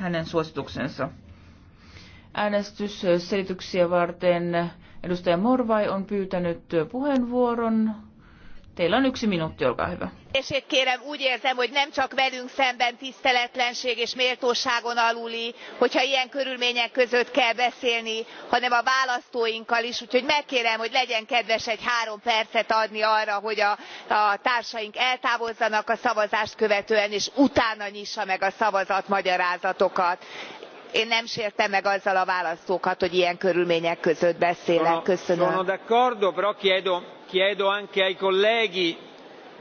hänen suosituksensa. Äänestysselityksiä varten edustaja Morvai on pyytänyt puheenvuoron. Teillä on yksi minuutti, olkaa hyvä elnézést kérem úgy érzem hogy nem csak velünk szemben tiszteletlenség és méltóságon aluli hogyha ilyen körülmények között kell beszélni hanem a választóinkkal is úgyhogy megkérem hogy legyen kedves egy három percet adni arra hogy a társaink eltávozzanak a szavazást követően és utána nyissa meg a szavazatmagyarázatokat. én nem sértem meg azzal a választókat hogy ilyen körülmények között beszélek. köszönöm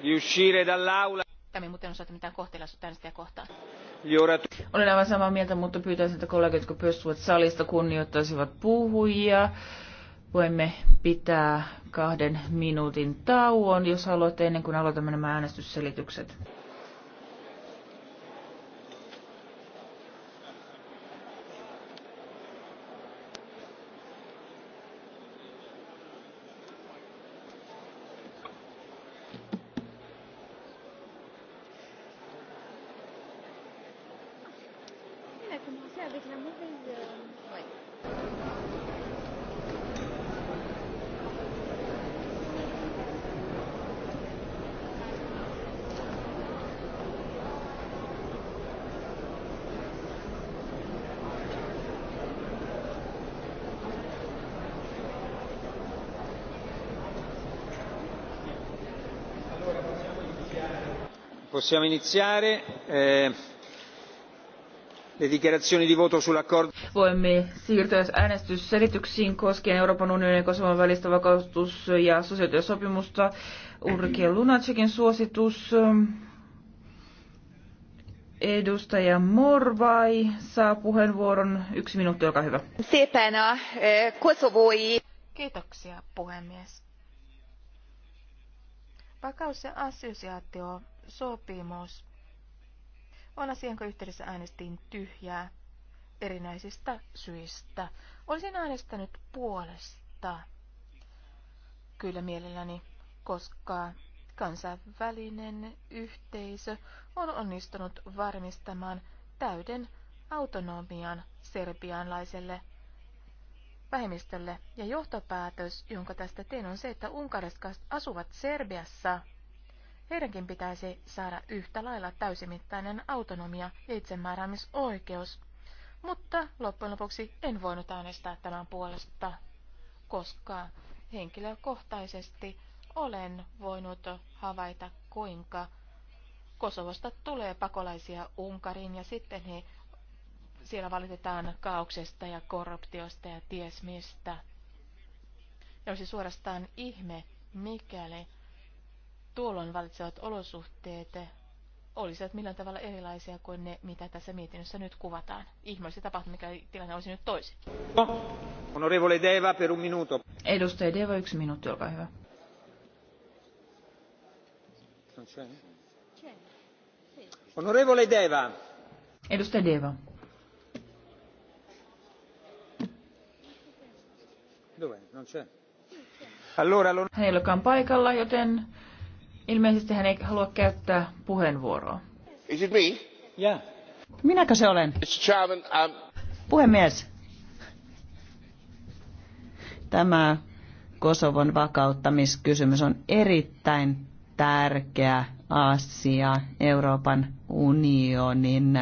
di uscire dall'aula. Tämä muuten osoita mitään kohtelaisuutta äänestäjä kohtaan. Olen aivan samaa mieltä, mutta pyytäisin, että kollegat, jotka pystyvät salista, kunnioittaisivat puhujia. Voimme pitää kahden minuutin tauon, jos haluatte, ennen kuin aloitamme nämä äänestysselitykset. possiamo iniziare. Eh, le dichiarazioni di voto sull'accordo. Voimme siirtyä äänestysselityksiin koskien Euroopan unionin ja Kosovon välistä vakautus- ja sosiaalityösopimusta. Urke Lunacekin suositus. Edustaja Morvai saa puheenvuoron. Yksi minuutti, olkaa hyvä. Eh, Kiitoksia, puhemies. Vakaus- ja assosiaatio sopimus on asia, jonka yhteydessä äänestin tyhjää erinäisistä syistä. Olisin äänestänyt puolesta kyllä mielelläni, koska kansainvälinen yhteisö on onnistunut varmistamaan täyden autonomian serbianlaiselle vähemmistölle. Ja johtopäätös, jonka tästä teen, on se, että unkarilaiset asuvat Serbiassa – Heidänkin pitäisi saada yhtä lailla täysimittainen autonomia ja itsemääräämisoikeus. Mutta loppujen lopuksi en voinut äänestää tämän puolesta, koska henkilökohtaisesti olen voinut havaita, kuinka Kosovosta tulee pakolaisia Unkariin ja sitten he siellä valitetaan kaauksesta ja korruptiosta ja ties mistä. Ja olisi suorastaan ihme, mikäli tuolloin valitsevat olosuhteet olisivat millään tavalla erilaisia kuin ne, mitä tässä mietinnössä nyt kuvataan. Ihmeellisesti tapahtuu, mikä tilanne olisi nyt toisin. Onorevole Deva per un minuto. Edustaja Deva, yksi minuutti, olkaa hyvä. Onorevole Deva. Edustaja Deva. Dove? Non c'è. Allora, Hän ei olekaan paikalla, joten Ilmeisesti hän ei halua käyttää puheenvuoroa. Is it me? Yeah. Minäkö se olen? Mr. Chairman, um... Puhemies. Tämä Kosovon vakauttamiskysymys on erittäin tärkeä asia Euroopan unionin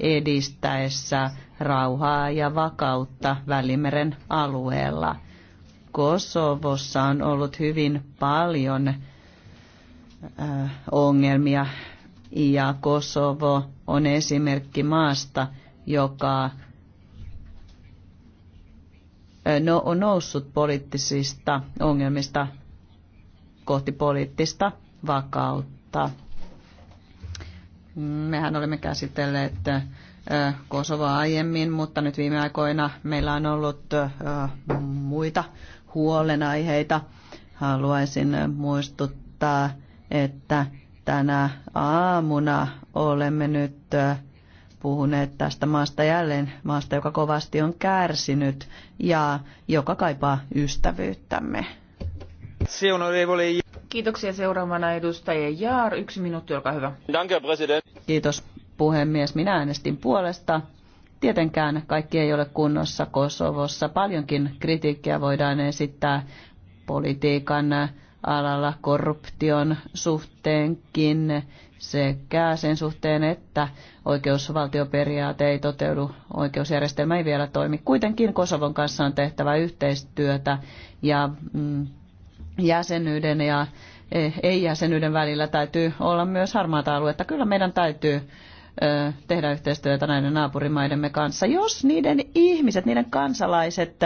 edistäessä rauhaa ja vakautta Välimeren alueella. Kosovossa on ollut hyvin paljon Äh, ongelmia ja Kosovo on esimerkki maasta, joka äh, no, on noussut poliittisista ongelmista kohti poliittista vakautta. Mehän olemme käsitelleet äh, Kosovoa aiemmin, mutta nyt viime aikoina meillä on ollut muita huolenaiheita. Haluaisin muistuttaa että tänä aamuna olemme nyt puhuneet tästä maasta jälleen, maasta, joka kovasti on kärsinyt ja joka kaipaa ystävyyttämme. Kiitoksia seuraavana edustajien Jaar. Yksi minuutti, olkaa hyvä. Kiitos puhemies. Minä äänestin puolesta. Tietenkään kaikki ei ole kunnossa Kosovossa. Paljonkin kritiikkiä voidaan esittää politiikan alalla korruption suhteenkin sekä sen suhteen, että oikeusvaltioperiaate ei toteudu, oikeusjärjestelmä ei vielä toimi. Kuitenkin Kosovon kanssa on tehtävä yhteistyötä ja mm, jäsenyyden ja eh, ei-jäsenyyden välillä täytyy olla myös harmaata aluetta. Kyllä meidän täytyy tehdä yhteistyötä näiden naapurimaidemme kanssa, jos niiden ihmiset, niiden kansalaiset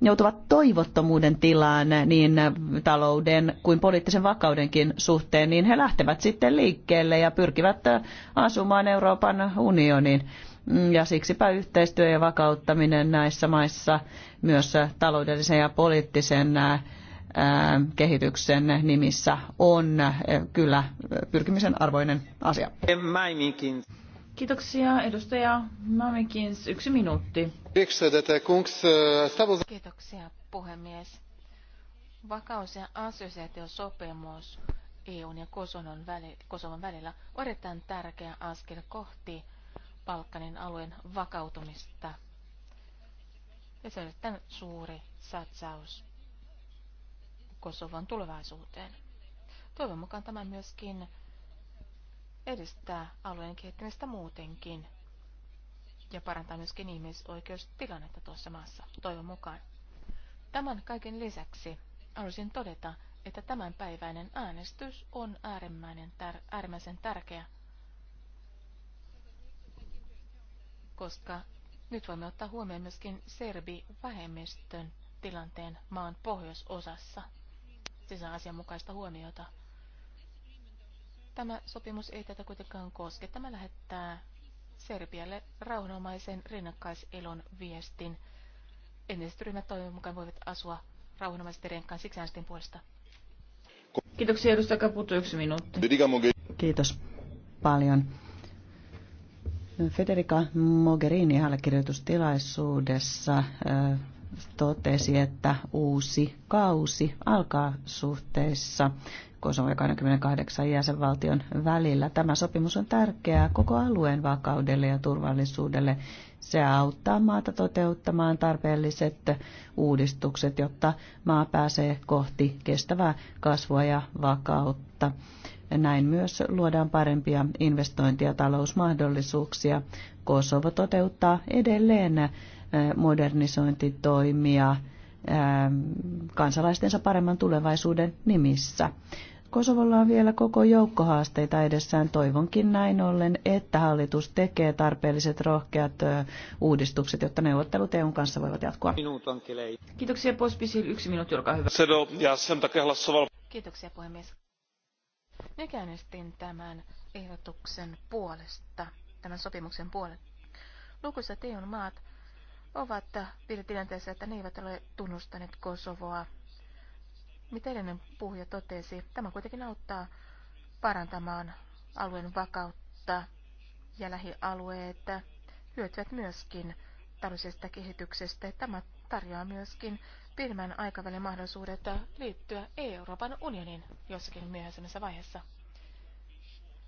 joutuvat toivottomuuden tilaan niin talouden kuin poliittisen vakaudenkin suhteen, niin he lähtevät sitten liikkeelle ja pyrkivät asumaan Euroopan unioniin. Ja siksipä yhteistyö ja vakauttaminen näissä maissa myös taloudellisen ja poliittisen kehityksen nimissä on kyllä pyrkimisen arvoinen asia. Kiitoksia. Edustaja Mamikins, yksi minuutti. Kiitoksia, puhemies. Vakaus- ja assosiaatiosopimus EUn ja Kosovon, väli, Kosovon välillä on erittäin tärkeä askel kohti Balkanin alueen vakautumista. Ja se on erittäin suuri satsaus kosovan tulevaisuuteen. Toivon mukaan tämä myöskin edistää alueen kehittämistä muutenkin ja parantaa myöskin ihmisoikeustilannetta tuossa maassa, toivon mukaan. Tämän kaiken lisäksi haluaisin todeta, että tämänpäiväinen äänestys on äärimmäinen tär- äärimmäisen tärkeä, koska nyt voimme ottaa huomioon myöskin serbi-vähemmistön tilanteen maan pohjoisosassa. Siis asianmukaista huomiota Tämä sopimus ei tätä kuitenkaan koske. Tämä lähettää Serbialle rauhanomaisen rinnakkaiselon viestin. Entiset ryhmät toivon mukaan voivat asua rauhanomaisesti renkaan siksi äänestin puolesta. Kiitoksia edustaja Kaputo, yksi minuutti. Kiitos paljon. Federica Mogherini allekirjoitustilaisuudessa äh, totesi, että uusi kausi alkaa suhteessa Kosovo ja 28 jäsenvaltion välillä. Tämä sopimus on tärkeää koko alueen vakaudelle ja turvallisuudelle. Se auttaa maata toteuttamaan tarpeelliset uudistukset, jotta maa pääsee kohti kestävää kasvua ja vakautta. Näin myös luodaan parempia investointi- ja talousmahdollisuuksia. Kosovo toteuttaa edelleen modernisointitoimia kansalaistensa paremman tulevaisuuden nimissä. Kosovolla on vielä koko joukko haasteita edessään. Toivonkin näin ollen, että hallitus tekee tarpeelliset rohkeat uudistukset, jotta neuvottelut EUn kanssa voivat jatkua. Kiitoksia Pospisil. Yksi minuutti, olkaa hyvä. Sedo, ja sen takia Kiitoksia puhemies. Nyt äänestin tämän ehdotuksen puolesta, tämän sopimuksen puolesta. Lukuisat EUn maat ovat tilanteessa, että ne eivät ole tunnustaneet Kosovoa. Mitä edellinen puhuja totesi, tämä kuitenkin auttaa parantamaan alueen vakautta ja lähialueet hyötyvät myöskin taloudellisesta kehityksestä. Tämä tarjoaa myöskin pidemmän aikavälin mahdollisuudet liittyä Euroopan unionin jossakin myöhäisemmässä vaiheessa.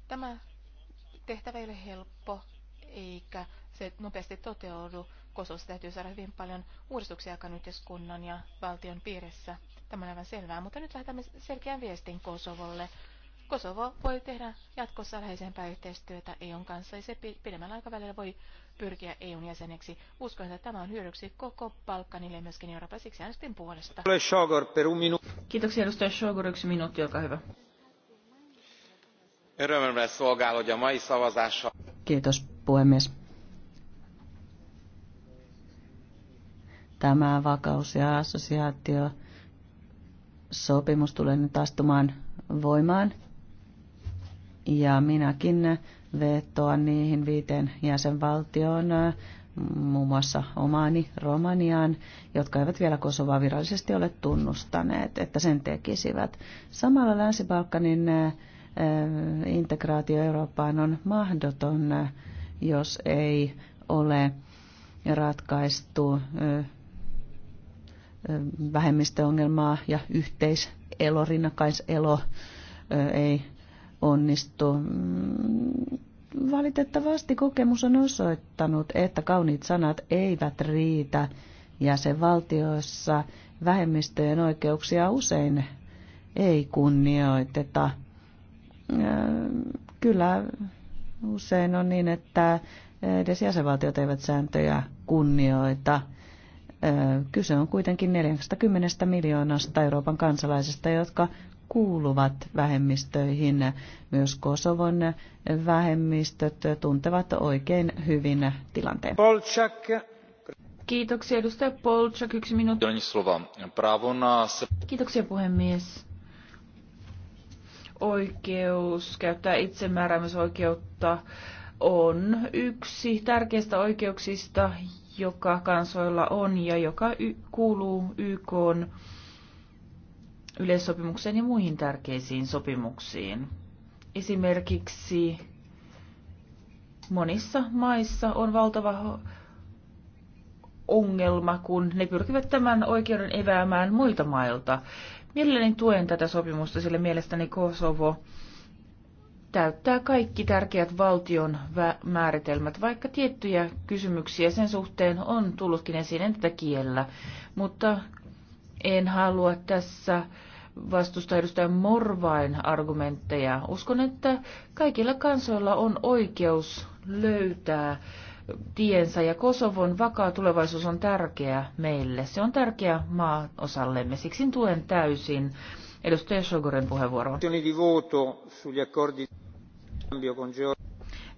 Tämä tehtävä ei ole helppo, eikä se nopeasti toteudu. Kosovossa täytyy saada hyvin paljon uudistuksia aikaan ja valtion piirissä. Tämä on aivan selvää, mutta nyt lähetämme selkeän viestin Kosovolle. Kosovo voi tehdä jatkossa läheisempää yhteistyötä EUn kanssa ja se pidemmällä aikavälillä voi pyrkiä EUn jäseneksi. Uskon, että tämä on hyödyksi koko Balkanille ja myöskin Euroopan siksi äänestin puolesta. Kiitoksia edustaja Shogor, yksi minuutti, olkaa hyvä. Kiitos puhemies. tämä vakaus- ja assosiaatio sopimus tulee nyt astumaan voimaan. Ja minäkin vetoan niihin viiteen jäsenvaltioon, muun muassa omaani Romaniaan, jotka eivät vielä Kosovaa virallisesti ole tunnustaneet, että sen tekisivät. Samalla Länsi-Balkanin eh, integraatio Eurooppaan on mahdoton, eh, jos ei ole ratkaistu eh, vähemmistöongelmaa ja yhteiselo, rinnakkaiselo ei onnistu. Mm, valitettavasti kokemus on osoittanut, että kauniit sanat eivät riitä jäsenvaltioissa. Vähemmistöjen oikeuksia usein ei kunnioiteta. Kyllä usein on niin, että edes jäsenvaltiot eivät sääntöjä kunnioita – Kyse on kuitenkin 40 miljoonasta Euroopan kansalaisesta, jotka kuuluvat vähemmistöihin. Myös Kosovon vähemmistöt tuntevat oikein hyvin tilanteen. Polchak. Kiitoksia edustaja Polchak, yksi minuutti. Kiitoksia puhemies. Oikeus käyttää itsemääräämisoikeutta on yksi tärkeistä oikeuksista, joka kansoilla on ja joka y- kuuluu YK yleissopimukseen ja muihin tärkeisiin sopimuksiin. Esimerkiksi monissa maissa on valtava ongelma, kun ne pyrkivät tämän oikeuden eväämään muilta mailta. Mielelläni tuen tätä sopimusta, sillä mielestäni Kosovo täyttää kaikki tärkeät valtion määritelmät, vaikka tiettyjä kysymyksiä sen suhteen on tullutkin esiin, en tätä kiellä. Mutta en halua tässä vastusta edustajan Morvain argumentteja. Uskon, että kaikilla kansoilla on oikeus löytää tiensä ja Kosovon vakaa tulevaisuus on tärkeä meille. Se on tärkeä maa osallemme, siksi tuen täysin Edustaja puheenvuoro.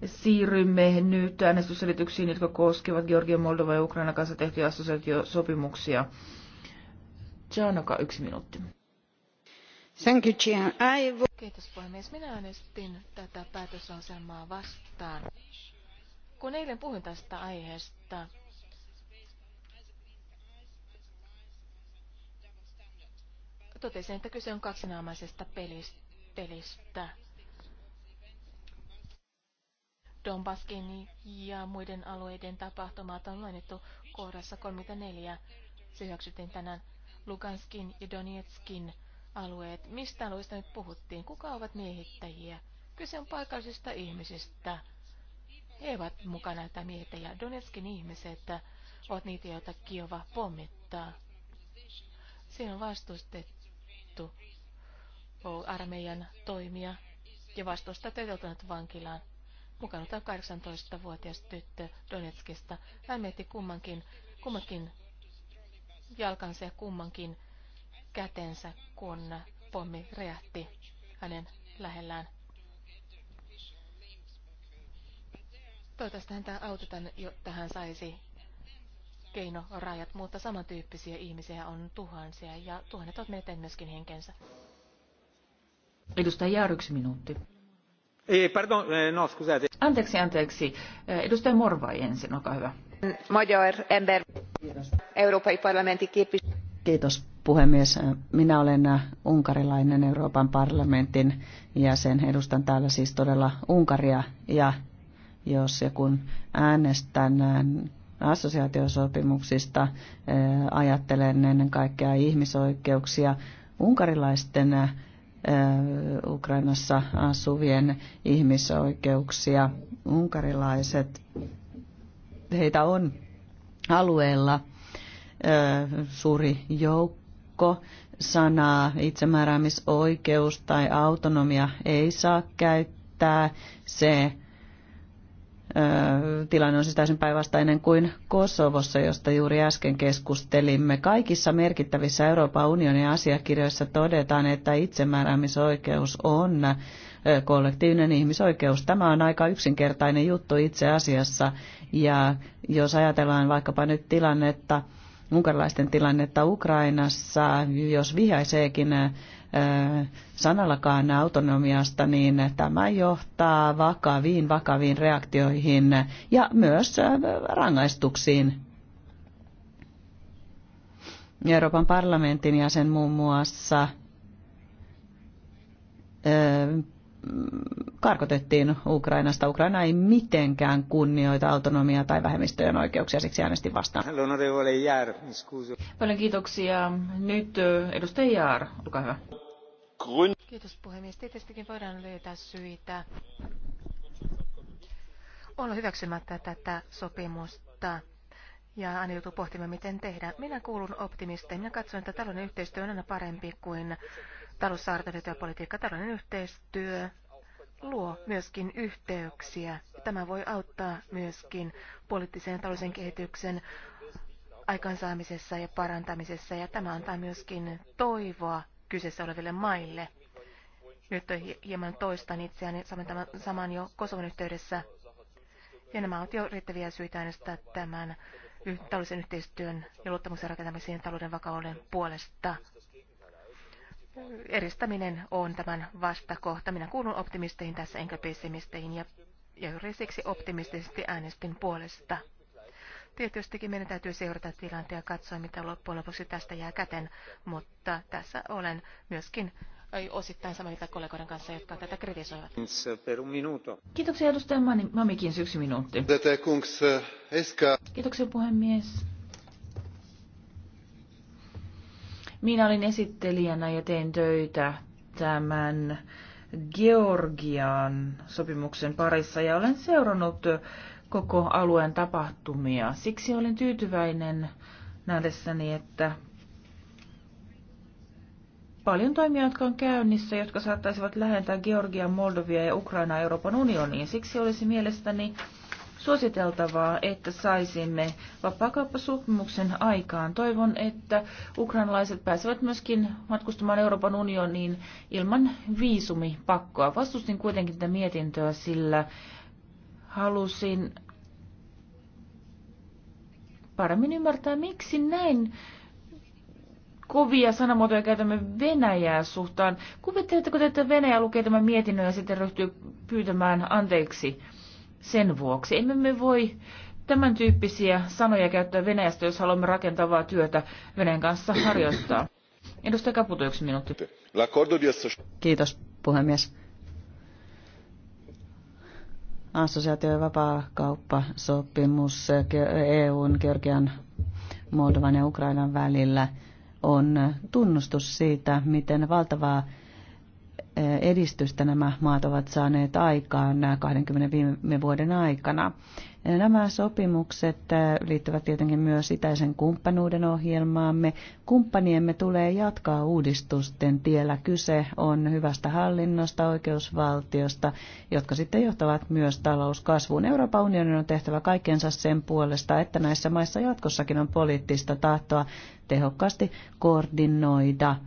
Siirrymme nyt äänestysselityksiin, jotka koskevat Georgian, Moldova ja Ukraina kanssa tehtyjä assosiaatiosopimuksia. Janoka, yksi minuutti. Thank you, Gian. I... Kiitos puhemies. Minä äänestin tätä päätösasemaa vastaan. Kun eilen puhuin tästä aiheesta, totesin, että kyse on kaksinaamaisesta pelistä. Donbaskin ja muiden alueiden tapahtumat on mainittu kohdassa 34. Se hyväksyttiin tänään Luganskin ja Donetskin alueet. Mistä alueista nyt puhuttiin? Kuka ovat miehittäjiä? Kyse on paikallisista ihmisistä. He ovat mukana näitä miehittäjiä. Donetskin ihmiset ovat niitä, joita Kiova pommittaa. Siinä on vastustettu tuomittu armeijan toimia ja vastuusta toteutunut vankilaan. Mukana 18-vuotias tyttö Donetskista. Hän mietti kummankin, kummankin jalkansa ja kummankin kätensä, kun pommi räjähti hänen lähellään. Toivottavasti häntä autetaan, jotta hän saisi keinorajat, mutta samantyyppisiä ihmisiä on tuhansia ja tuhannet ovat menettäneet myöskin henkensä. Edustaja Jaar, yksi minuutti. Ei, eh, pardon, eh, no, scusate. Anteeksi, anteeksi. Eh, edustaja Morvai ensin, olkaa hyvä. Magyar ember, Euroopan parlamentin Kiitos puhemies. Minä olen unkarilainen Euroopan parlamentin jäsen. Edustan täällä siis todella Unkaria ja jos ja kun äänestän assosiaatiosopimuksista. Eh, ajattelen ennen kaikkea ihmisoikeuksia. Unkarilaisten eh, Ukrainassa asuvien ihmisoikeuksia. Unkarilaiset, heitä on alueella eh, suuri joukko. Sanaa itsemääräämisoikeus tai autonomia ei saa käyttää. Se Tilanne on siis täysin päinvastainen kuin Kosovossa, josta juuri äsken keskustelimme. Kaikissa merkittävissä Euroopan unionin asiakirjoissa todetaan, että itsemääräämisoikeus on kollektiivinen ihmisoikeus. Tämä on aika yksinkertainen juttu itse asiassa. Ja jos ajatellaan vaikkapa nyt tilannetta, unkarilaisten tilannetta Ukrainassa, jos vihaiseekin sanallakaan autonomiasta, niin tämä johtaa vakaviin, vakaviin reaktioihin ja myös äh, rangaistuksiin. Euroopan parlamentin jäsen muun muassa äh, karkotettiin Ukrainasta. Ukraina ei mitenkään kunnioita autonomiaa tai vähemmistöjen oikeuksia, siksi äänesti vastaan. Paljon kiitoksia. Nyt eh, edustaja Jaar, olkaa hyvä. Kiitos puhemies. Tietystikin voidaan löytää syitä olla hyväksymättä tätä sopimusta ja aina joutuu pohtimaan, miten tehdä. Minä kuulun optimisteen. Minä katson, että talouden yhteistyö on aina parempi kuin Talousarvio ja politiikka, talouden yhteistyö luo myöskin yhteyksiä. Tämä voi auttaa myöskin poliittisen ja talousen kehityksen aikansaamisessa ja parantamisessa, ja tämä antaa myöskin toivoa kyseessä oleville maille. Nyt hieman toistan itseäni, saman, tämän, saman jo Kosovon yhteydessä. Ja nämä ovat jo riittäviä syitä äänestää tämän talousen yhteistyön ja luottamuksen rakentamiseen talouden vakauden puolesta eristäminen on tämän vastakohta. Minä kuulun optimisteihin tässä enkä pessimisteihin ja, ja juuri siksi optimistisesti äänestin puolesta. Tietystikin meidän täytyy seurata tilanteen ja katsoa, mitä loppujen lopuksi tästä jää käteen, mutta tässä olen myöskin osittain samaa mieltä kollegoiden kanssa, jotka tätä kritisoivat. Kiitoksia edustaja Mamikin syksy minuutti. Eh, Kiitoksia puhemies. Minä olin esittelijänä ja tein töitä tämän Georgian sopimuksen parissa ja olen seurannut koko alueen tapahtumia. Siksi olin tyytyväinen nähdessäni, että paljon toimia, jotka on käynnissä, jotka saattaisivat lähentää Georgian, Moldovia ja Ukrainaa Euroopan unioniin. Siksi olisi mielestäni suositeltavaa, että saisimme vapaakauppasopimuksen aikaan. Toivon, että ukrainalaiset pääsevät myöskin matkustamaan Euroopan unioniin ilman viisumipakkoa. Vastustin kuitenkin tätä mietintöä, sillä halusin paremmin ymmärtää, miksi näin kovia sanamuotoja käytämme Venäjää suhtaan. Kuvitteletteko te, että Venäjä lukee tämän mietinnön ja sitten ryhtyy pyytämään anteeksi? sen vuoksi. Emme me voi tämän tyyppisiä sanoja käyttää Venäjästä, jos haluamme rakentavaa työtä Venäjän kanssa harjoittaa. Edustaja Kaputo, yksi minuutti. Kiitos, puhemies. Assosiaatio- ja vapaakauppasopimus EUn, Georgian, Moldovan ja Ukrainan välillä on tunnustus siitä, miten valtavaa edistystä nämä maat ovat saaneet aikaan 20 viime vuoden aikana. Nämä sopimukset liittyvät tietenkin myös itäisen kumppanuuden ohjelmaamme. Kumppaniemme tulee jatkaa uudistusten tiellä. Kyse on hyvästä hallinnosta, oikeusvaltiosta, jotka sitten johtavat myös talouskasvuun. Euroopan unionin on tehtävä kaikkensa sen puolesta, että näissä maissa jatkossakin on poliittista tahtoa tehokkaasti koordinoida –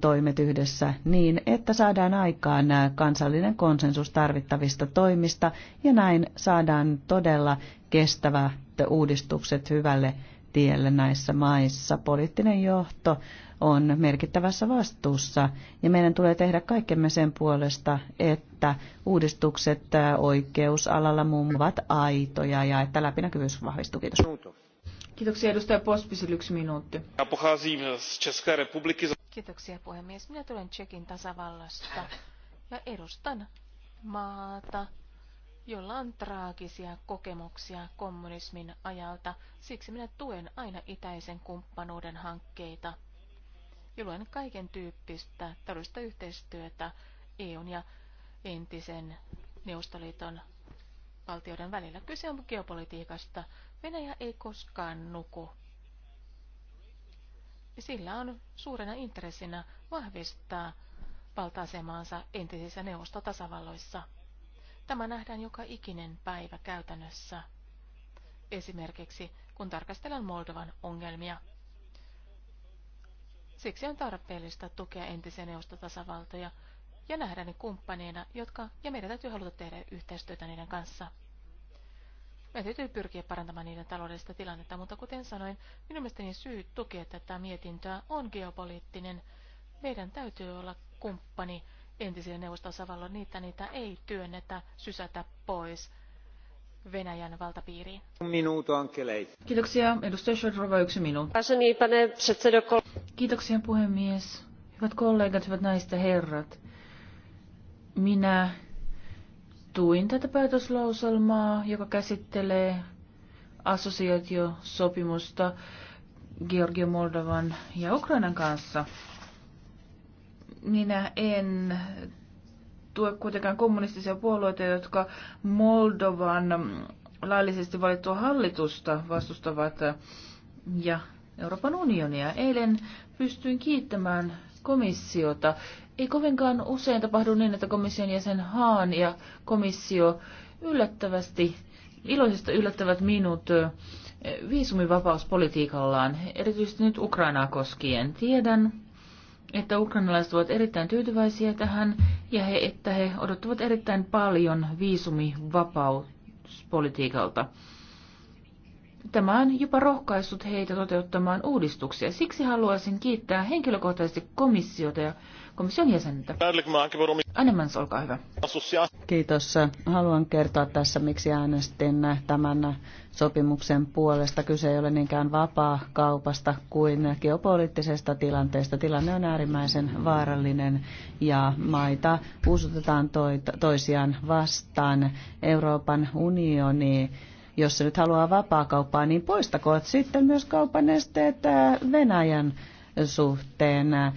toimet yhdessä niin, että saadaan aikaan kansallinen konsensus tarvittavista toimista ja näin saadaan todella kestävät uudistukset hyvälle tielle näissä maissa. Poliittinen johto on merkittävässä vastuussa ja meidän tulee tehdä kaikkemme sen puolesta, että uudistukset oikeusalalla muun ovat aitoja ja että läpinäkyvyys vahvistuu. Kiitos. Kiitoksia edustaja Pospisil yksi minuutti. Kiitoksia puhemies. Minä tulen Tsekin tasavallasta ja edustan maata, jolla on traagisia kokemuksia kommunismin ajalta. Siksi minä tuen aina itäisen kumppanuuden hankkeita ja luen kaiken tyyppistä taloudellista yhteistyötä EUn ja entisen Neuvostoliiton valtioiden välillä. Kyse on geopolitiikasta. Venäjä ei koskaan nuku. Sillä on suurena intressinä vahvistaa valta-asemaansa entisissä neuvostotasavalloissa. Tämä nähdään joka ikinen päivä käytännössä. Esimerkiksi kun tarkastellaan Moldovan ongelmia. Siksi on tarpeellista tukea entisiä neuvostotasavaltoja ja nähdä ne kumppaneina, jotka, ja meidän täytyy haluta tehdä yhteistyötä niiden kanssa. Me täytyy pyrkiä parantamaan niiden taloudellista tilannetta, mutta kuten sanoin, minun mielestäni syy tukea tätä mietintöä on geopoliittinen. Meidän täytyy olla kumppani entisille neuvostosavalla, niitä niitä ei työnnetä, sysätä pois Venäjän valtapiiriin. Minuutu Kiitoksia. Edustaja Shodrova, yksi minuutti. Kiitoksia puhemies. Hyvät kollegat, hyvät naiset ja herrat. Minä tuin tätä päätöslauselmaa, joka käsittelee assosiaatiosopimusta Georgia Moldovan ja Ukrainan kanssa. Minä en tue kuitenkaan kommunistisia puolueita, jotka Moldovan laillisesti valittua hallitusta vastustavat ja Euroopan unionia. Eilen pystyin kiittämään komissiota. Ei kovinkaan usein tapahdu niin, että komission jäsen Haan ja komissio yllättävästi, iloisesta yllättävät minut viisumivapauspolitiikallaan, erityisesti nyt Ukrainaa koskien. Tiedän, että ukrainalaiset ovat erittäin tyytyväisiä tähän ja he, että he odottavat erittäin paljon viisumivapauspolitiikalta. Tämä on jopa rohkaissut heitä toteuttamaan uudistuksia. Siksi haluaisin kiittää henkilökohtaisesti komissiota ja komission jäsentä. Annemans, olkaa hyvä. Kiitos. Haluan kertoa tässä, miksi äänestin tämän sopimuksen puolesta. Kyse ei ole niinkään vapaa kaupasta kuin geopoliittisesta tilanteesta. Tilanne on äärimmäisen vaarallinen ja maita uusutetaan toisiaan vastaan. Euroopan unioni jos se nyt haluaa vapaakauppaa, niin poistakoot sitten myös kaupan äh, Venäjän suhteen. Äh,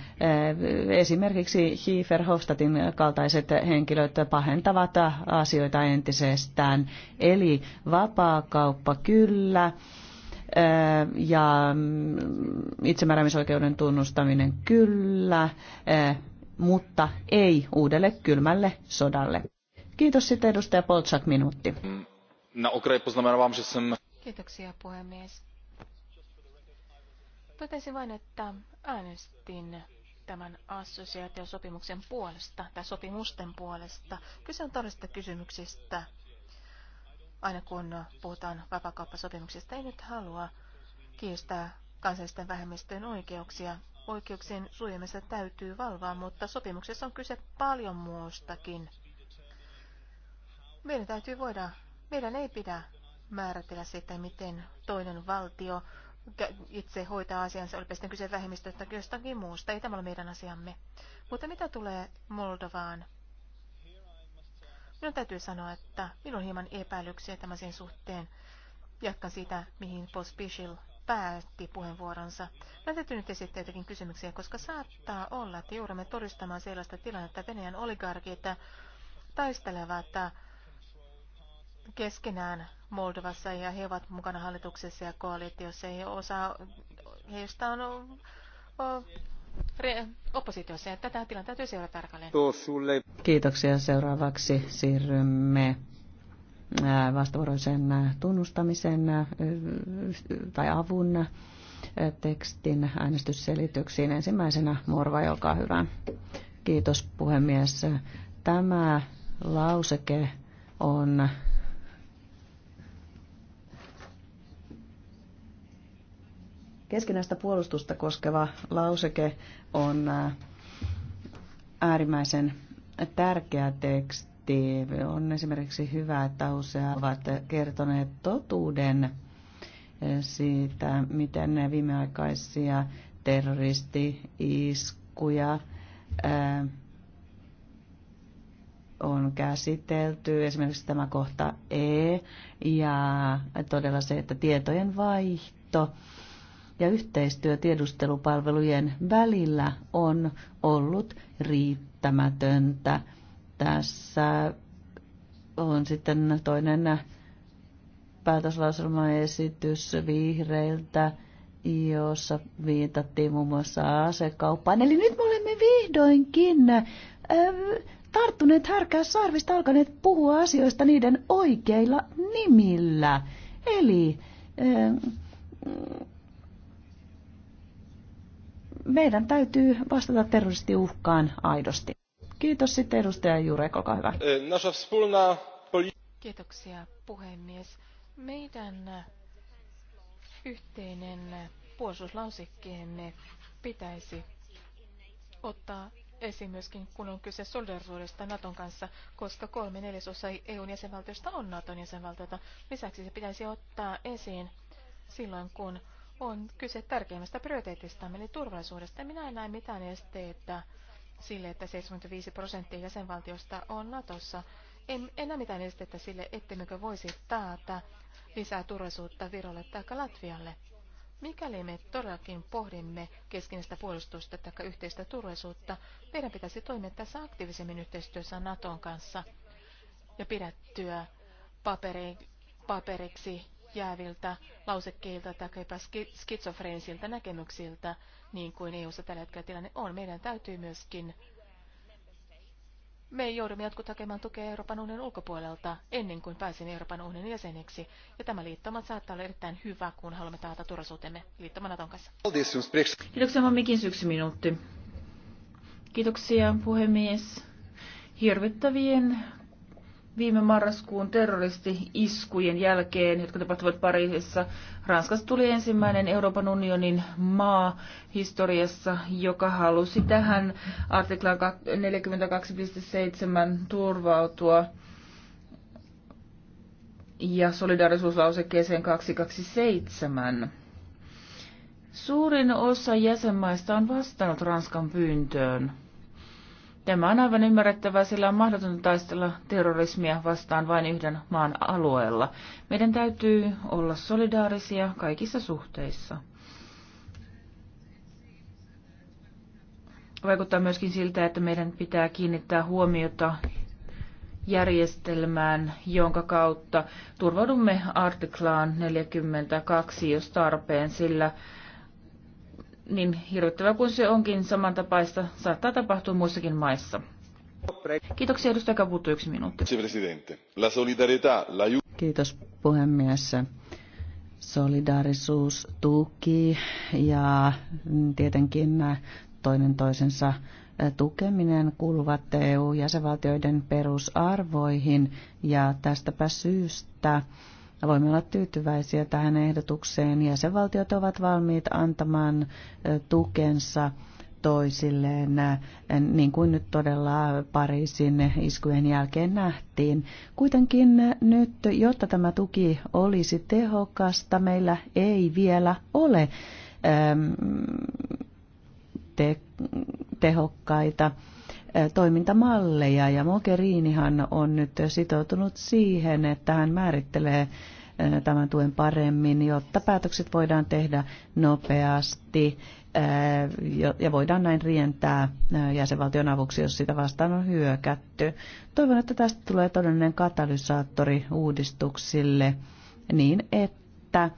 esimerkiksi Hiefer Hofstadin kaltaiset henkilöt pahentavat asioita entisestään. Eli vapaakauppa kyllä äh, ja mm, itsemääräämisoikeuden tunnustaminen kyllä, mutta ei uudelle kylmälle sodalle. Kiitos sitten edustaja Poltsak minuutti. Mm na okraj poznamenávám, že jsem... Kiitoksia puhemies. Totesin vain, että äänestin tämän assosiaatiosopimuksen puolesta tai sopimusten puolesta. Kyse on todellisesta kysymyksestä. Aina kun puhutaan vapakauppasopimuksesta, ei nyt halua kiistää kansallisten vähemmistöjen oikeuksia. Oikeuksien suojelmista täytyy valvoa, mutta sopimuksessa on kyse paljon muustakin. Meidän täytyy voida meidän ei pidä määritellä sitä, miten toinen valtio itse hoitaa asiansa, olipa sitten kyse vähemmistöstä tai jostakin muusta. Ei tämä ole meidän asiamme. Mutta mitä tulee Moldovaan? Minun täytyy sanoa, että minulla on hieman epäilyksiä tämän sen suhteen. Jatkan siitä, mihin Pospishil päätti puheenvuoronsa. Mä täytyy nyt esittää jotakin kysymyksiä, koska saattaa olla, että joudumme todistamaan sellaista tilannetta, että Venäjän oligarkit taistelevat keskenään Moldovassa ja he ovat mukana hallituksessa ja koalitiossa. Ja osa heistä on, on, on oppositiossa ja tätä tilannetta täytyy seurata tarkalleen. Kiitoksia. Seuraavaksi siirrymme vastavuoroisen tunnustamisen tai avun tekstin äänestysselityksiin. Ensimmäisenä Morva, olkaa hyvä. Kiitos puhemies. Tämä lauseke on Keskinäistä puolustusta koskeva lauseke on äh, äärimmäisen tärkeä teksti. On esimerkiksi hyvä, että useat ovat kertoneet totuuden äh, siitä, miten ne viimeaikaisia terroristi-iskuja äh, on käsitelty, esimerkiksi tämä kohta E, ja todella se, että tietojen vaihto ja yhteistyö tiedustelupalvelujen välillä on ollut riittämätöntä. Tässä on sitten toinen päätöslauselmaesitys vihreiltä, jossa viitattiin muun muassa asekauppaan. Eli nyt me olemme vihdoinkin äh, tarttuneet härkää sarvista, alkaneet puhua asioista niiden oikeilla nimillä. Eli äh, meidän täytyy vastata terroristiuhkaan aidosti. Kiitos sitten edustaja Jurek, olkaa hyvä. E, Kiitoksia puhemies. Meidän yhteinen puolustuslausekkeemme pitäisi ottaa esiin myöskin, kun on kyse solidarisuudesta Naton kanssa, koska kolme neljäsosa EUn jäsenvaltiosta on Naton jäsenvaltiota. Lisäksi se pitäisi ottaa esiin silloin, kun on kyse tärkeimmästä prioriteetista, eli turvallisuudesta. Minä en näe mitään esteettä sille, että 75 prosenttia jäsenvaltiosta on Natossa. En, en näe mitään estettä sille, ettemmekö voisi taata lisää turvallisuutta Virolle tai Latvialle. Mikäli me todellakin pohdimme keskinäistä puolustusta tai yhteistä turvallisuutta, meidän pitäisi toimia tässä aktiivisemmin yhteistyössä Naton kanssa ja pidättyä paperi, paperiksi jääviltä lausekkeilta tai jopa skitsofreenisiltä näkemyksiltä, niin kuin EU-ssa tällä hetkellä tilanne on. Meidän täytyy myöskin me joudumme jatkut hakemaan tukea Euroopan unionin ulkopuolelta ennen kuin pääsemme Euroopan unionin jäseneksi, ja tämä liittoma saattaa olla erittäin hyvä, kun haluamme taata turvallisuutemme liittoman Naton kanssa. Kiitoksia, Mammikin syksy minuutti. Kiitoksia, puhemies. Hirvittävien viime marraskuun terroristi-iskujen jälkeen, jotka tapahtuivat Pariisissa, Ranskassa tuli ensimmäinen Euroopan unionin maa historiassa, joka halusi tähän artiklaan 42.7 turvautua ja solidaarisuuslausekkeeseen 227. Suurin osa jäsenmaista on vastannut Ranskan pyyntöön. Tämä on aivan ymmärrettävää, sillä on mahdotonta taistella terrorismia vastaan vain yhden maan alueella. Meidän täytyy olla solidaarisia kaikissa suhteissa. Vaikuttaa myöskin siltä, että meidän pitää kiinnittää huomiota järjestelmään, jonka kautta turvaudumme artiklaan 42, jos tarpeen, sillä niin hirvittävä kuin se onkin samantapaista, saattaa tapahtua muissakin maissa. Kiitoksia edustaja Kavuto, yksi minuutti. Kiitos puhemies. Solidaarisuus, tuki ja tietenkin toinen toisensa tukeminen kuuluvat EU-jäsenvaltioiden perusarvoihin ja tästäpä syystä voimme olla tyytyväisiä tähän ehdotukseen. Jäsenvaltiot ovat valmiit antamaan tukensa toisilleen, niin kuin nyt todella Pariisin iskujen jälkeen nähtiin. Kuitenkin nyt, jotta tämä tuki olisi tehokasta, meillä ei vielä ole te- tehokkaita toimintamalleja ja Mogherinihan on nyt sitoutunut siihen, että hän määrittelee tämän tuen paremmin, jotta päätökset voidaan tehdä nopeasti ja voidaan näin rientää jäsenvaltion avuksi, jos sitä vastaan on hyökätty. Toivon, että tästä tulee todellinen katalysaattori uudistuksille niin, että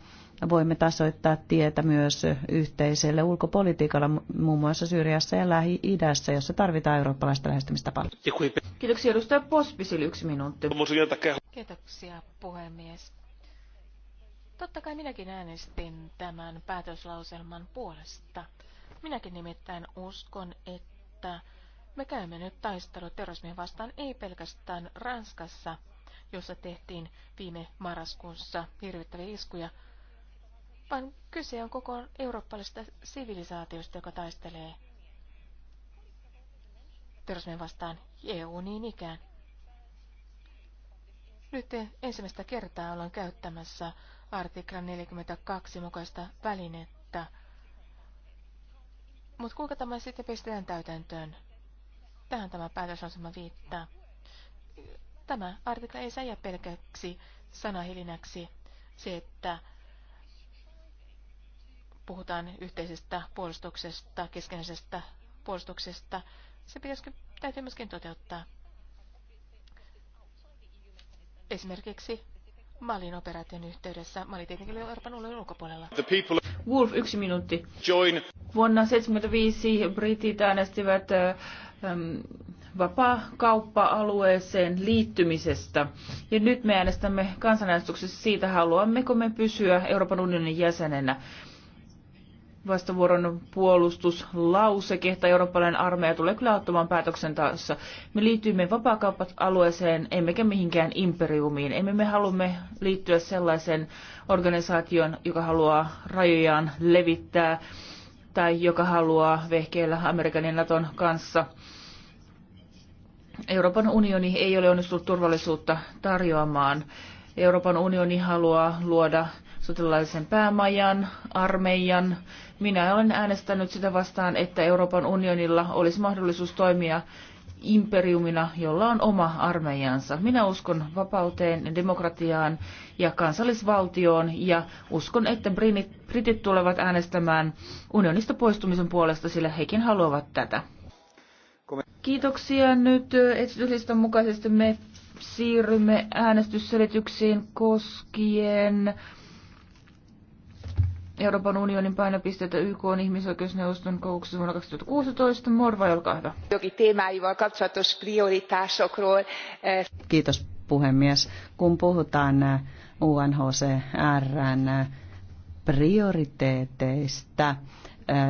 voimme tasoittaa tietä myös yhteiselle ulkopolitiikalla, muun muassa Syyriassa ja Lähi-idässä, jossa tarvitaan eurooppalaista lähestymistapaa. Kiitoksia edustaja Pospisil, yksi minuutti. Kiitoksia puhemies. Totta kai minäkin äänestin tämän päätöslauselman puolesta. Minäkin nimittäin uskon, että me käymme nyt taistelu terrorismin vastaan ei pelkästään Ranskassa, jossa tehtiin viime marraskuussa hirvittäviä iskuja, vaan kyse on koko eurooppalaisesta sivilisaatiosta, joka taistelee terrorismin vastaan EU niin ikään. Nyt ensimmäistä kertaa ollaan käyttämässä artikla 42 mukaista välinettä. Mutta kuinka tämä sitten pistetään täytäntöön? Tähän tämä päätösasema viittaa. Tämä artikla ei säijä pelkäksi sanahilinäksi se, että puhutaan yhteisestä puolustuksesta, keskeisestä puolustuksesta, se pitäisi, täytyy myöskin toteuttaa. Esimerkiksi Malin operaation yhteydessä. Mali tietenkin oli Euroopan unionin ulkopuolella. Wolf, yksi minuutti. Join. Vuonna 1975 britit äänestivät ähm, vapaa-kauppa-alueeseen liittymisestä. Ja nyt me äänestämme kansanäänestyksessä siitä, haluammeko me pysyä Euroopan unionin jäsenenä vastavuoron puolustuslauseke tai eurooppalainen armeija tulee kyllä ottamaan päätöksen taas. Me liityimme vapaakauppa-alueeseen, emmekä mihinkään imperiumiin. Emme me halumme liittyä sellaiseen organisaation, joka haluaa rajojaan levittää tai joka haluaa vehkeillä Amerikan ja Naton kanssa. Euroopan unioni ei ole onnistunut turvallisuutta tarjoamaan. Euroopan unioni haluaa luoda sotilaallisen päämajan, armeijan, minä olen äänestänyt sitä vastaan, että Euroopan unionilla olisi mahdollisuus toimia imperiumina, jolla on oma armeijansa. Minä uskon vapauteen, demokratiaan ja kansallisvaltioon ja uskon, että Britit, Britit tulevat äänestämään unionista poistumisen puolesta, sillä hekin haluavat tätä. Kiitoksia. Nyt esityslistan mukaisesti me siirrymme äänestysselityksiin koskien Euroopan unionin painopisteitä YK on ihmisoikeusneuvoston kokouksessa vuonna 2016. Morva, olkaa hyvä. Eh, Kiitos puhemies. Kun puhutaan eh, UNHCRn eh, prioriteeteista,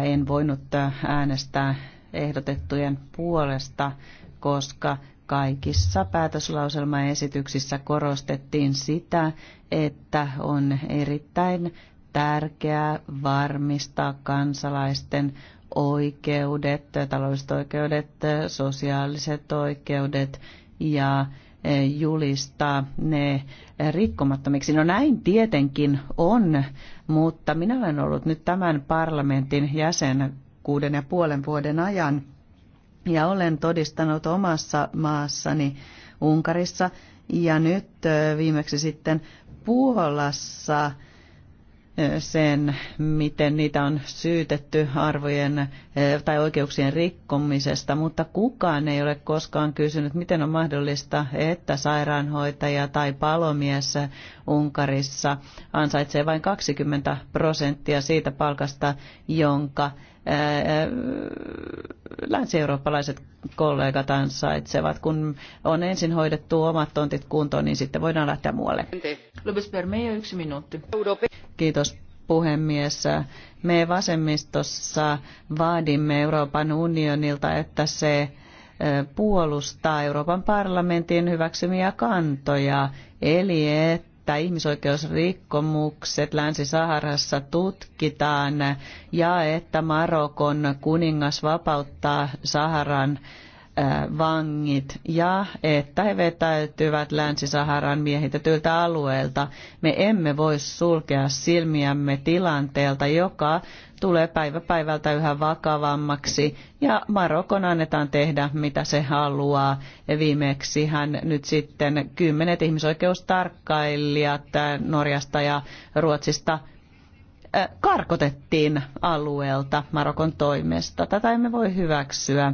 en voinut äänestää ehdotettujen puolesta, koska kaikissa päätöslauselmaesityksissä korostettiin sitä, että on erittäin tärkeää varmistaa kansalaisten oikeudet, taloudelliset oikeudet, sosiaaliset oikeudet ja e, julistaa ne rikkomattomiksi. No näin tietenkin on, mutta minä olen ollut nyt tämän parlamentin jäsen kuuden ja puolen vuoden ajan ja olen todistanut omassa maassani Unkarissa ja nyt e, viimeksi sitten Puolassa – sen, miten niitä on syytetty arvojen eh, tai oikeuksien rikkomisesta, mutta kukaan ei ole koskaan kysynyt, miten on mahdollista, että sairaanhoitaja tai palomies Unkarissa ansaitsee vain 20 prosenttia siitä palkasta, jonka eh, länsi-eurooppalaiset kollegat ansaitsevat. Kun on ensin hoidettu omat tontit kuntoon, niin sitten voidaan lähteä muualle yksi minuutti. Kiitos puhemies. Me vasemmistossa vaadimme Euroopan unionilta, että se eh, puolustaa Euroopan parlamentin hyväksymiä kantoja, eli että ihmisoikeusrikkomukset Länsi-Saharassa tutkitaan ja että Marokon kuningas vapauttaa Saharan Äh, vangit ja että he vetäytyvät Länsi-Saharan miehitetyiltä alueelta. Me emme voi sulkea silmiämme tilanteelta, joka tulee päivä päivältä yhä vakavammaksi ja Marokon annetaan tehdä mitä se haluaa. Viimeksi hän nyt sitten kymmenet ihmisoikeustarkkailijat Norjasta ja Ruotsista äh, karkotettiin alueelta Marokon toimesta. Tätä emme voi hyväksyä.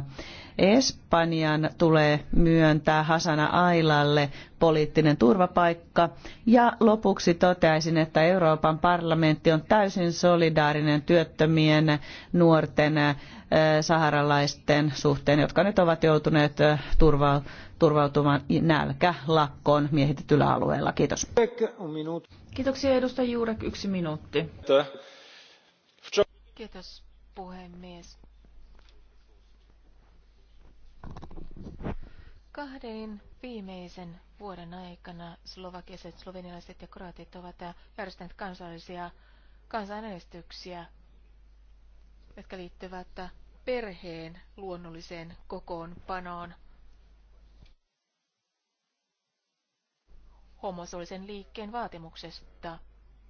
Espanjan tulee myöntää Hasana Ailalle poliittinen turvapaikka. Ja lopuksi toteaisin, että Euroopan parlamentti on täysin solidaarinen työttömien nuorten äh, saharalaisten suhteen, jotka nyt ovat joutuneet äh, turva- turvautumaan nälkälakkoon miehitetyllä alueella. Kiitos. Kiitoksia edustaja Juurek. Yksi minuutti. Kiitos puhemies. Kahden viimeisen vuoden aikana slovakiset, slovenialaiset ja kroatit ovat äh, järjestäneet kansallisia kansanäänestyksiä, jotka liittyvät äh, perheen luonnolliseen kokoonpanoon. homosuolisen liikkeen vaatimuksesta.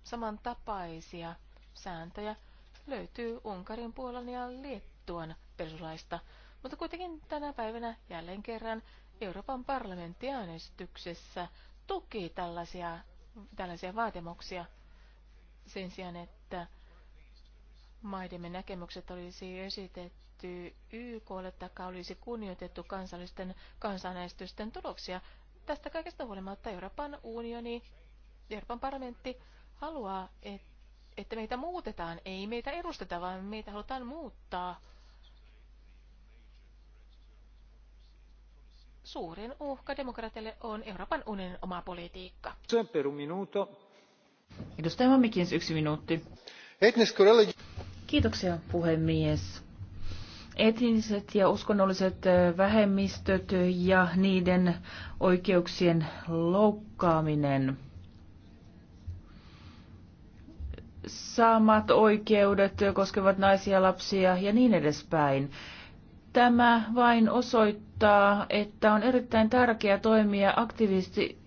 Samantapaisia sääntöjä löytyy Unkarin, Puolan ja Liettuan perustuslaista. Mutta kuitenkin tänä päivänä jälleen kerran Euroopan parlamenttiäänestyksessä tuki tällaisia, tällaisia vaatimuksia sen sijaan, että maidemme näkemykset olisi esitetty YK, olisi kunnioitettu kansallisten kansanäistysten tuloksia. Tästä kaikesta huolimatta Euroopan unioni, Euroopan parlamentti haluaa, että meitä muutetaan. Ei meitä edusteta, vaan meitä halutaan muuttaa suurin uhka demokratialle on Euroopan unionin oma politiikka. Edustaja Mammikins, yksi minuutti. Kiitoksia, puhemies. Etniset ja uskonnolliset vähemmistöt ja niiden oikeuksien loukkaaminen. Samat oikeudet koskevat naisia, lapsia ja niin edespäin. Tämä vain osoittaa, korostaa, että on erittäin tärkeää toimia aktiivisesti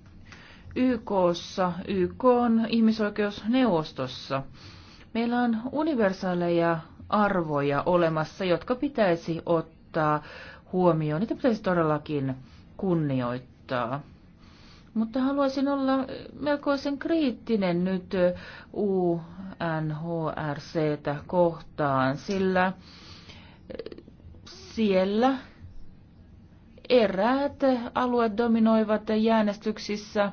YKssa, YK on ihmisoikeusneuvostossa. Meillä on universaaleja arvoja olemassa, jotka pitäisi ottaa huomioon. Niitä pitäisi todellakin kunnioittaa. Mutta haluaisin olla melkoisen kriittinen nyt UNHRCtä kohtaan, sillä siellä eräät alueet dominoivat jäänestyksissä,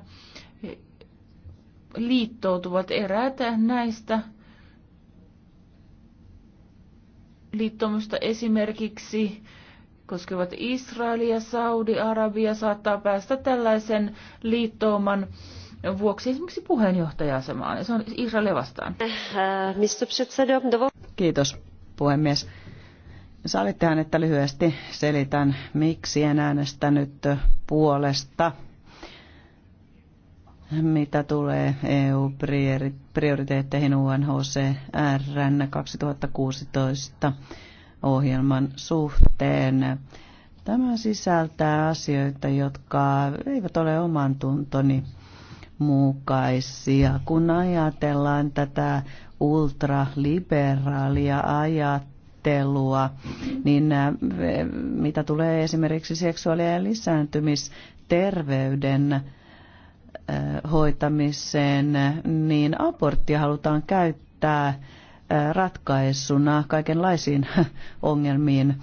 liittoutuvat eräät näistä liittomusta esimerkiksi koskevat Israelia, Saudi-Arabia saattaa päästä tällaisen liittooman vuoksi esimerkiksi puheenjohtaja-asemaan. Se on Israelia vastaan. Äh, äh, Kiitos puhemies. Sallittehan, että lyhyesti selitän, miksi en äänestänyt puolesta, mitä tulee EU-prioriteetteihin UNHCRn 2016 ohjelman suhteen. Tämä sisältää asioita, jotka eivät ole oman tuntoni mukaisia. Kun ajatellaan tätä ultraliberaalia ajattelua, suunnittelua, niin äh, mitä tulee esimerkiksi seksuaali- ja lisääntymisterveyden äh, hoitamiseen, niin aborttia halutaan käyttää äh, ratkaisuna kaikenlaisiin ongelmiin.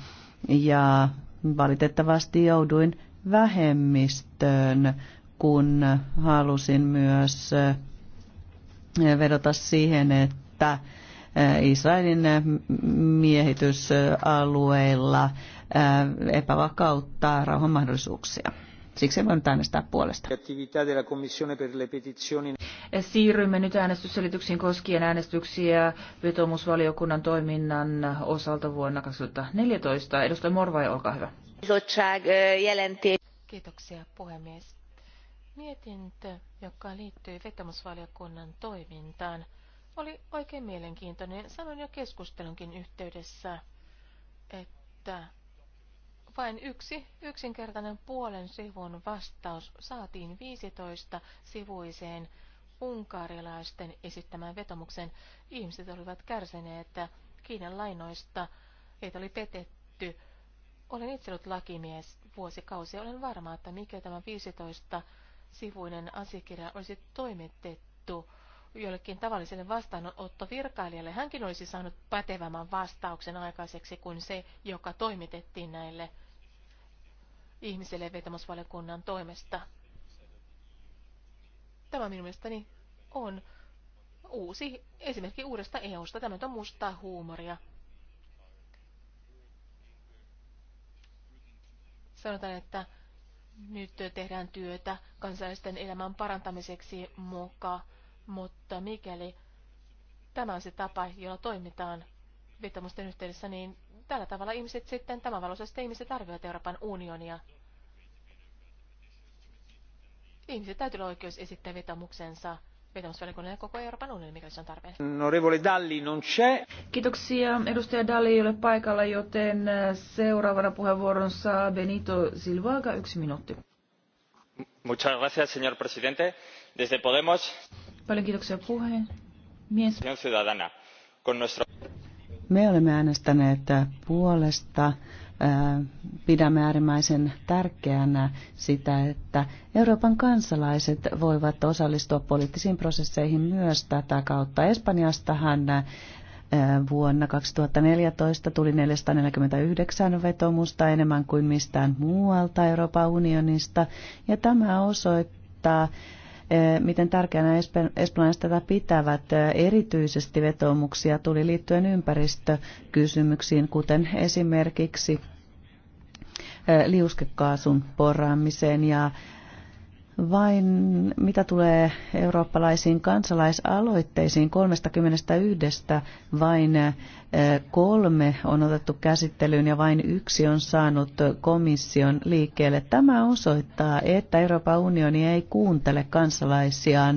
Ja valitettavasti jouduin vähemmistöön, kun halusin myös vedota siihen, että Äh, Israelin äh, miehitysalueilla äh, epävakautta rauhan mahdollisuuksia. Siksi en voinut äänestää puolesta. Siirrymme nyt äänestysselityksiin koskien äänestyksiä vetomusvaliokunnan toiminnan osalta vuonna 2014. Edustaja Morvai, olkaa hyvä. Kiitoksia puhemies. Mietintö, joka liittyy vetomusvaliokunnan toimintaan, oli oikein mielenkiintoinen. Sanoin jo keskustelunkin yhteydessä, että vain yksi yksinkertainen puolen sivun vastaus saatiin 15 sivuiseen unkarilaisten esittämään vetomuksen. Ihmiset olivat kärsineet Kiinan lainoista, heitä oli petetty. Olen itse ollut lakimies vuosikausia. Olen varma, että mikä tämä 15 sivuinen asiakirja olisi toimitettu jollekin tavalliselle vastaanottovirkailijalle. Hänkin olisi saanut pätevämän vastauksen aikaiseksi kuin se, joka toimitettiin näille ihmisille vetämysvaliokunnan toimesta. Tämä minun mielestäni on uusi esimerkki uudesta EUsta. Tämä on mustaa huumoria. Sanotaan, että nyt tehdään työtä kansallisten elämän parantamiseksi mukaan mutta mikäli tämä on se tapa, jolla toimitaan vetomusten yhteydessä, niin tällä tavalla ihmiset sitten, tämän valoisesti ihmiset arvioivat Euroopan unionia. Ihmiset täytyy olla oikeus esittää vetomuksensa vetomusvaliokunnalle koko Euroopan unionin, mikäli se on tarpeen. Norevoli Dalli non c'è. Kiitoksia. Edustaja Dalli ei ole paikalla, joten äh, seuraavana puheenvuoron saa Benito Silvaga, yksi minuutti. Muchas gracias, señor presidente. Desde Podemos me olemme äänestäneet puolesta. Äh, pidämme äärimmäisen tärkeänä sitä, että Euroopan kansalaiset voivat osallistua poliittisiin prosesseihin myös tätä kautta. Espanjastahan äh, vuonna 2014 tuli 449 vetomusta enemmän kuin mistään muualta Euroopan unionista, ja tämä osoittaa Eh, miten tärkeänä espanjalaiset tätä pitävät. Eh, erityisesti vetoomuksia tuli liittyen ympäristökysymyksiin, kuten esimerkiksi eh, liuskekaasun poraamiseen ja vain mitä tulee eurooppalaisiin kansalaisaloitteisiin, 31 vain eh, kolme on otettu käsittelyyn ja vain yksi on saanut komission liikkeelle. Tämä osoittaa, että Euroopan unioni ei kuuntele kansalaisiaan.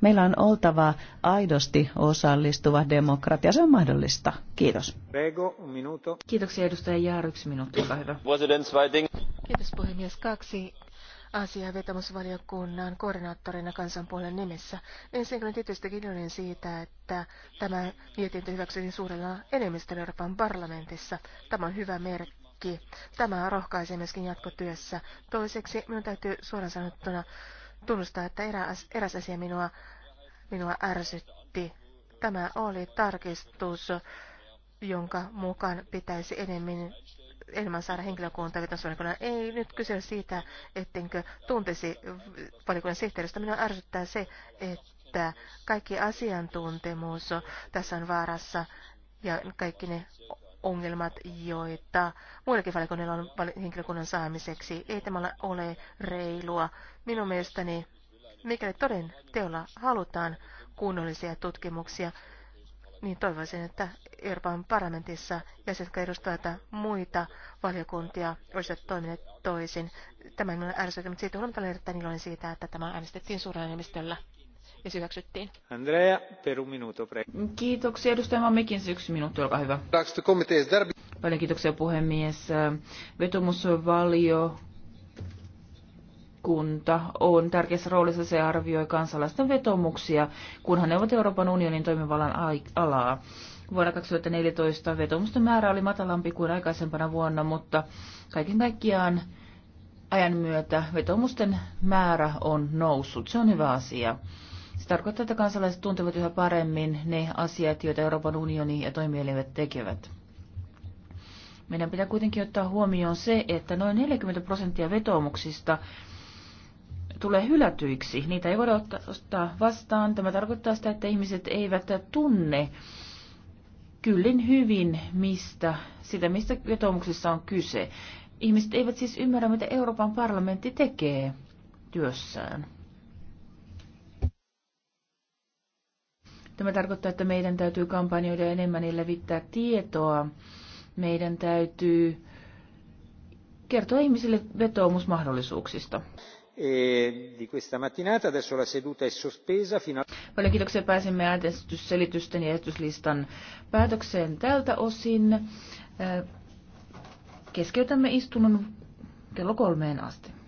Meillä on oltava aidosti osallistuva demokratia. Se on mahdollista. Kiitos. Prego, Kiitoksia edustaja Jaar, yksi minuutti, Kiitos puhemies. Kaksi asiaa vetomusvaliokunnan koordinaattorina kansanpuolen nimissä. Ensin olen tietysti iloinen siitä, että tämä mietintö hyväksyttiin suurella enemmistöllä Euroopan parlamentissa. Tämä on hyvä merkki. Tämä rohkaisee myöskin jatkotyössä. Toiseksi minun täytyy suoraan sanottuna tunnustaa, että eräs, eräs asia minua, minua ärsytti. Tämä oli tarkistus jonka mukaan pitäisi enemmän enemmän saada henkilökuntaa vetosuunnitelmalla. Ei nyt kyse siitä, ettenkö tuntisi valiokunnan sihteeristä. Minua ärsyttää se, että kaikki asiantuntemus tässä on vaarassa ja kaikki ne ongelmat, joita muillakin valiokunnilla on henkilökunnan saamiseksi. Ei tämä ole reilua. Minun mielestäni, mikäli toden teolla halutaan kunnollisia tutkimuksia, niin toivoisin, että Euroopan parlamentissa jäsenet, jotka edustavat muita valiokuntia, olisivat toimineet toisin. Tämä ei ole ärsytti, mutta siitä huolimatta olen erittäin iloinen siitä, että tämä äänestettiin suurella enemmistöllä ja se hyväksyttiin. Andrea, per un minuto, pre. Kiitoksia. Edustaja se yksi minuutti, olkaa hyvä. Paljon kiitoksia puhemies. Vetomusvalio Kunta on tärkeässä roolissa. Se arvioi kansalaisten vetomuksia, kunhan ne ovat Euroopan unionin toimivallan alaa. Vuonna 2014 vetomusten määrä oli matalampi kuin aikaisempana vuonna, mutta kaiken kaikkiaan ajan myötä vetomusten määrä on noussut. Se on hyvä asia. Se tarkoittaa, että kansalaiset tuntevat yhä paremmin ne asiat, joita Euroopan unioni ja toimielimet tekevät. Meidän pitää kuitenkin ottaa huomioon se, että noin 40 prosenttia vetoomuksista tulee hylätyiksi. Niitä ei voida ottaa vastaan. Tämä tarkoittaa sitä, että ihmiset eivät tunne kyllin hyvin mistä, sitä, mistä vetomuksessa on kyse. Ihmiset eivät siis ymmärrä, mitä Euroopan parlamentti tekee työssään. Tämä tarkoittaa, että meidän täytyy kampanjoida enemmän ja levittää tietoa. Meidän täytyy kertoa ihmisille vetoomusmahdollisuuksista. Paljon kiitoksia. Pääsimme äänestysselitysten ja äänestyslistan päätökseen tältä osin. Keskeytämme istunnon kello kolmeen asti.